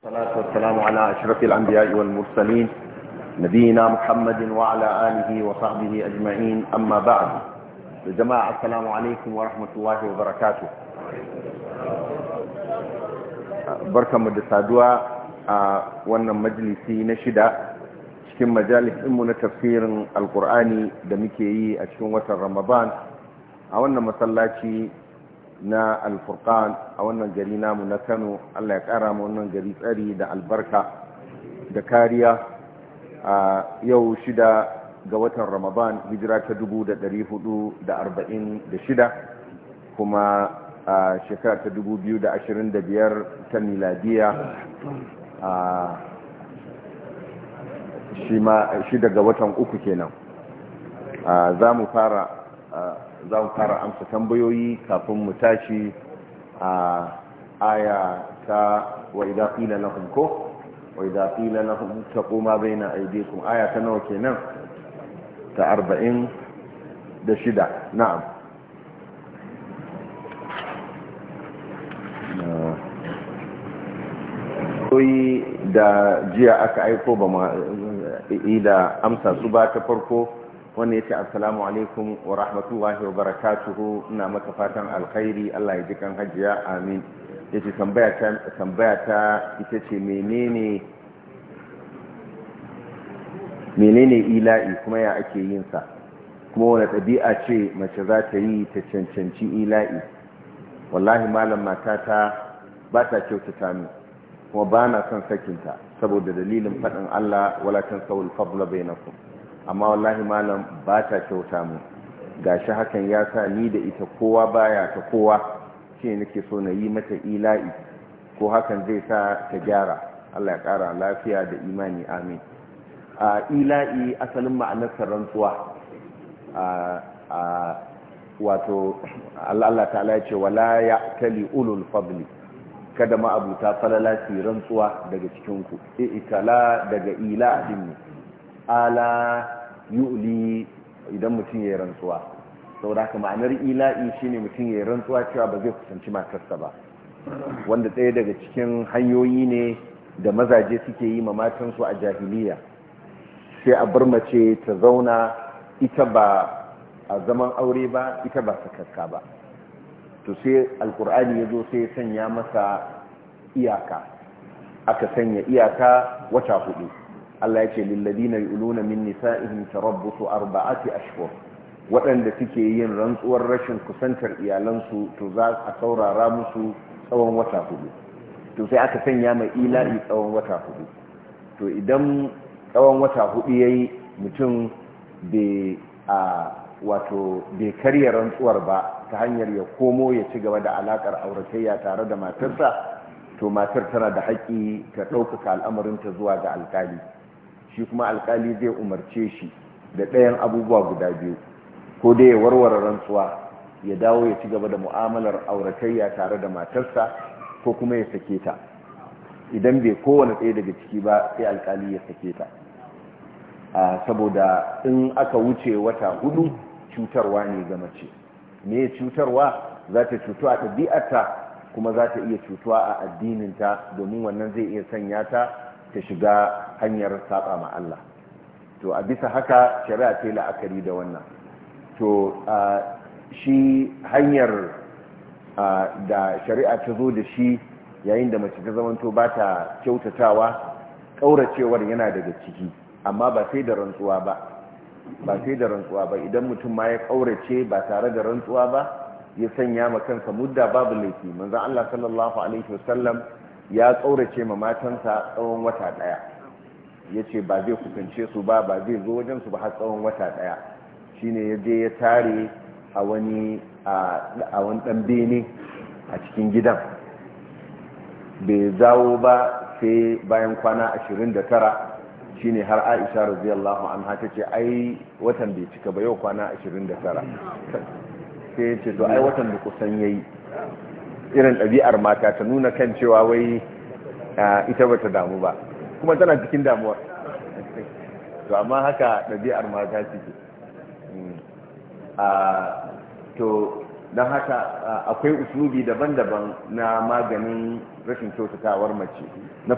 والصلاه والسلام على اشرف الانبياء والمرسلين نبينا محمد وعلى اله وصحبه اجمعين اما بعد جماعه السلام عليكم ورحمة الله وبركاته barkan mu da saduwa a wannan majlisi na shida cikin majalis majalisinmu na tafsirin alkur'ani da muke yi a cikin watan ramadan a wannan masallaci na alfurkan a wannan gari namu na kano allah ya kara mu wannan gari tsari da albarka da kariya a yau shida ga watan ramadan hijira ta dubu da dari hudu da arba'in da shida kuma a shekara ta dubu biyu da ashirin da biyar ta miladiya a shida ga watan uku kenan za mu fara za mu fara amsa tambayoyi kafin mu tashi a aya ta wa idan fila na hunko wa idza qila lahum taqu ma baina aydikum aya ta nawa kenan ta arba'in da shida na'am koyi da jiya aka aiko ba ma eh, eh, da amsa su ba ta farko wanda ya ce assalamu alaikum wa rahmatullahi wa barakatuhu ina maka fatan alkhairi Allah ya ji kan hajiya amin ya ta tambaya ta ita ce menene menene ila'i kuma ya ake yin sa kuma wani ɗabi'a ce mace za ta yi ta cancanci ila'i wallahi malam matata ba ta kyautata min kuma ba na son sakinta saboda dalilin faɗin Allah wala sawul fadla bainakum amma wallahi malam ba ta kyauta mu shi hakan ya sa ni da ita kowa baya ta kowa ce nake so na yi mata ila'i ko hakan zai sa ta gyara Allah ya kara lafiya da imani amin a ila'i asalin ma'anar rantsuwa a wato Allah ta'ala ya ce wala ya tali ulul fabli kada ma abuta falala su rantsuwa daga cikinku la daga ila ala yu'li idan mutum ya yi rantsuwa saboda ma'anar ila'i shi ne mutum ya yi rantsuwa cewa ba zai kusanci matarsa ba wanda ɗaya daga cikin hanyoyi ne da mazaje suke yi ma matansu a jahiliya sai a bar mace ta zauna ita ba a zaman aure ba ita ba kaka ba to sai alkur'ani ya zo sai sanya masa iyaka aka sanya iyaka wata hudu Allah ya ce lilladina yuluna min nisa'ihim tarabbusu arba'ati ashhur waɗanda suke yin rantsuwar rashin kusantar iyalansu to za a saurara musu tsawon wata hudu to sai aka sanya mai ila'i tsawon wata hudu to idan tsawon wata hudu yayi mutum bai a wato bai karya rantsuwar ba ta hanyar ya komo ya ci gaba da alakar auratayya tare da matarsa to matar tana da haƙƙi ta ɗaukaka al'amarinta zuwa ga alƙali. shi kuma alkali zai umarce shi da ɗayan abubuwa guda biyu ko dai ya warware rantsuwa ya dawo ya ci gaba da mu'amalar auratayya tare da matarsa ko kuma ya sake ta idan bai kowane ɗaya daga ciki ba sai alkali ya sake ta saboda in aka wuce wata hudu cutarwa ne ga mace me cutarwa za ta cutu a ɗabi'arta kuma za ta iya cutuwa a addininta domin wannan zai iya sanya ta ta shiga hanyar saba ma Allah to a bisa haka shari'a ce la'akari da wannan to shi hanyar da shari'a ta zo da shi yayin da mace ta zamanto ba ta kyautatawa ƙauracewar yana daga ciki amma ba sai da rantsuwa ba ba sai da rantsuwa ba idan mutum ma ya ƙaurace ba tare da rantsuwa ba ya sanya ma kansa mudda babu laifi manzo Allah sallallahu alaihi wasallam ya tsaurace ma matansa tsawon wata daya ya ce ba zai kusance su ba ba zai zo wajen su ba har tsawon wata daya shine ya je ya tare a wani a dan bene a cikin gidan bai zawo ba sai bayan kwana 29 shine har aisha radiyallahu anha ta ce ai watan bai cika ba yau kwana 29 sai ya ce to ai watan da kusan yayi irin ɗabi'ar mata ta nuna kan cewa wai ita bata damu ba kuma tana cikin damuwa to amma haka ɗabi'ar mata suke hmm. to don haka akwai uslubi daban-daban na maganin rashin kyautatawar mace na